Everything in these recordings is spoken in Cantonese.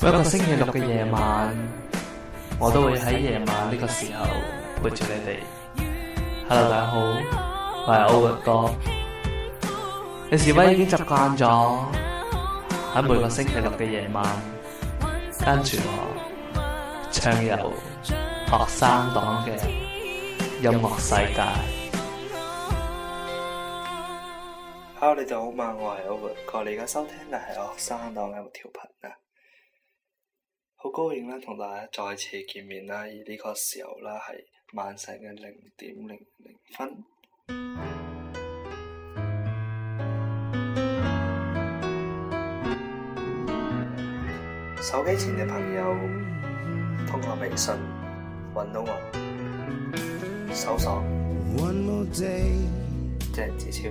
每一個星期六嘅夜晚，我都會喺夜晚呢個時候陪住你哋。Hello，大家好，我係歐樂哥。你是否已經習慣咗喺每個星期六嘅夜晚跟住我暢遊學生黨嘅音樂世界？Hello，你哋好嘛？我係歐樂哥，你而家收聽嘅係學生黨音樂調頻啊！好高興啦，同大家再次見面啦！而呢個時候啦，係晚上嘅零點零零分。手機前嘅朋友，通過微信揾到我，搜索，謝志超。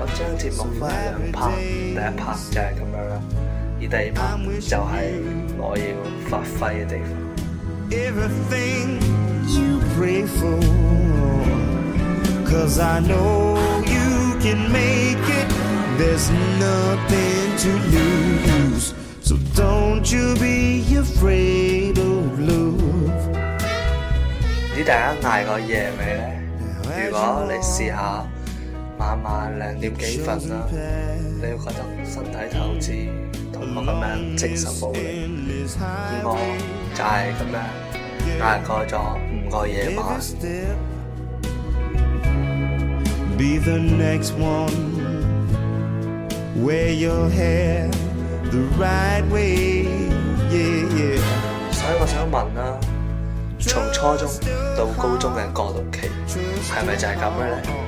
我將節目分兩拍，第一拍就係咁樣啦，而第二拍就係我要發揮嘅地方。唔知、so、大家挨過夜未呢？如果你試下。晚晚兩點幾瞓啦，你要覺得身體透支，同我咁樣精神無力，而我就係咁樣捱過咗五個夜晚。所以我想問啊，從初中到高中嘅過渡期，係咪就係咁樣呢？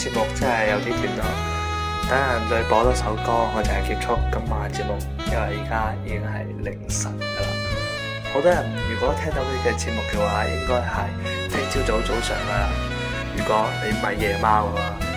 節目真係有啲短咯，等下再播多首歌，我就係結束節。今晚節目因為而家已經係凌晨㗎啦，好多人如果聽到你嘅節目嘅話，應該係聽朝早早上㗎啦。如果你唔係夜貓嘅話。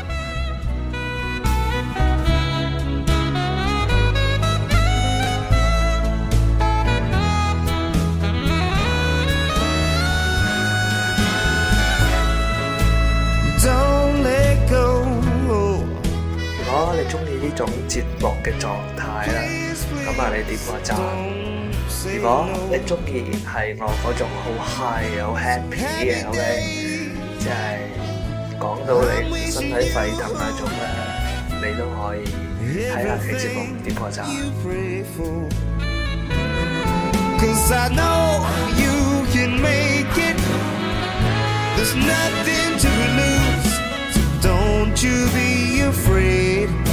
中意呢種節目嘅狀態啦，咁啊你點個贊？如果你中意係我嗰種好 high、好 happy 嘅，OK，即係講到你身體沸騰嗰種咧，你都可以睇下你嘅節目點個贊。Cause I know you can make it, there's nothing to lose, don't you be afraid.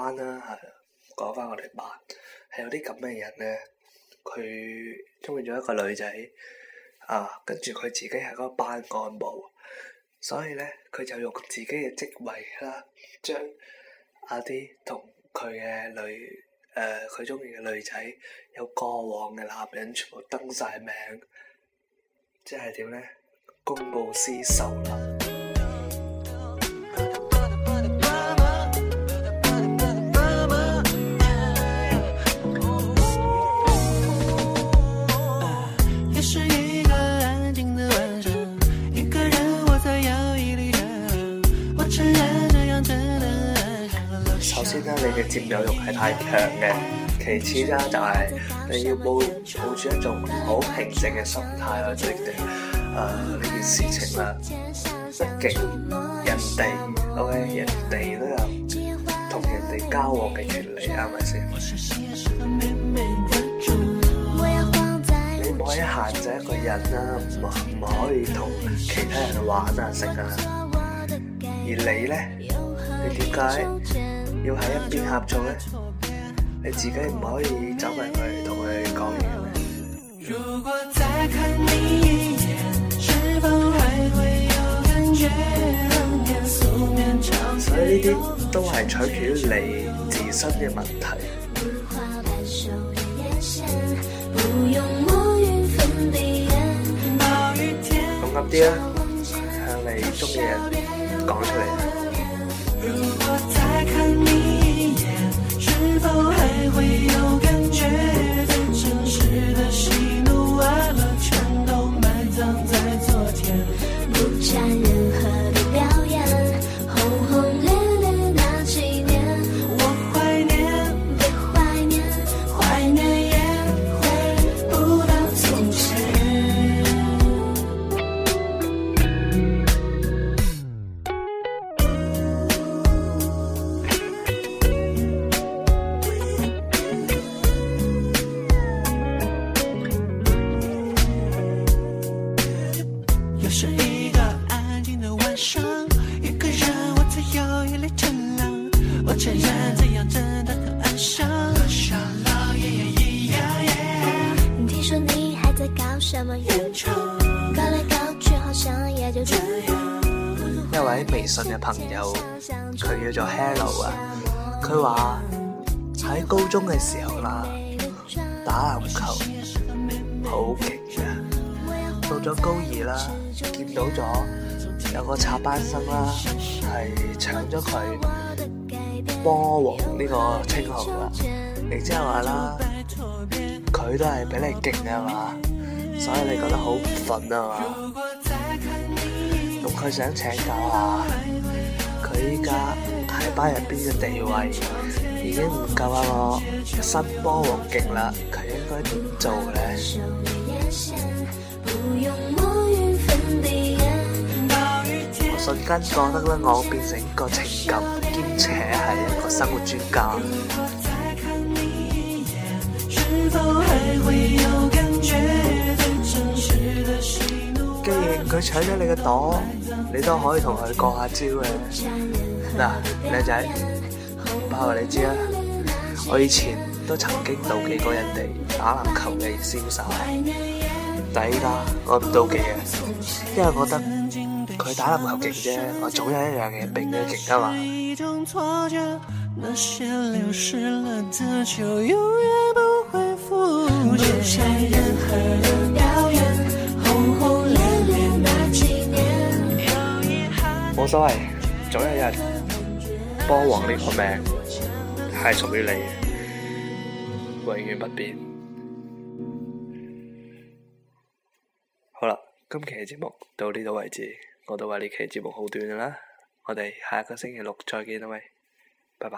班啦，係講翻我哋班係有啲咁嘅人咧，佢中意咗一個女仔啊，跟住佢自己係嗰個班幹部，所以咧佢就用自己嘅職位啦、啊，將阿啲同佢嘅女誒佢中意嘅女仔有過往嘅男人全部登晒名，即係點咧？公報私仇啦！佔有欲係太強嘅，其次啦就係、是、你要保保持一種好平靜嘅心態去面對誒呢件事情啦、啊。畢竟人哋 OK，人哋都有同人哋交往嘅權利，係咪先？嗯、你唔可以限制一個人啦、啊，唔唔可以同其他人玩啊食啊。而你咧，你點解？要喺一邊合作咧，你自己唔可以走埋去同佢講嘢咩？所以呢啲都係取決於你自身嘅問題。咁啱啲啊，向你中意嘅講出嚟。再看你一眼，是否還會有感？微信嘅朋友，佢叫做 Halo 啊，佢話喺高中嘅時候啦，打籃球好勁啊，到咗高二啦，見到咗有個插班生啦，係搶咗佢波王呢個稱號啊，然之後話啦，佢都係比你勁啊嘛，所以你覺得好唔忿啊嘛。佢想請教啊！佢依家喺班入邊嘅地位已經唔夠啊，我新波王勁啦！佢應該點做呢？嗯、我瞬間覺得呢，我變成個情感兼且係一個生活專家。嗯然佢搶咗你嘅朵，你都可以同佢過下招嘅。嗱、嗯，靚仔，包話你知啦。我以前都曾經妒忌過人哋打籃球嘅瀟灑，但依家我唔妒忌嘅，因為我覺得佢打籃球勁啫，我做有一樣嘢，並都勁啊嘛。嗯所以，早一日，波王呢個名係屬於你，永遠不變。好啦，今期嘅節目到呢度為止，我都話呢期節目好短啦。我哋下個星期六再見啦，喂，拜拜。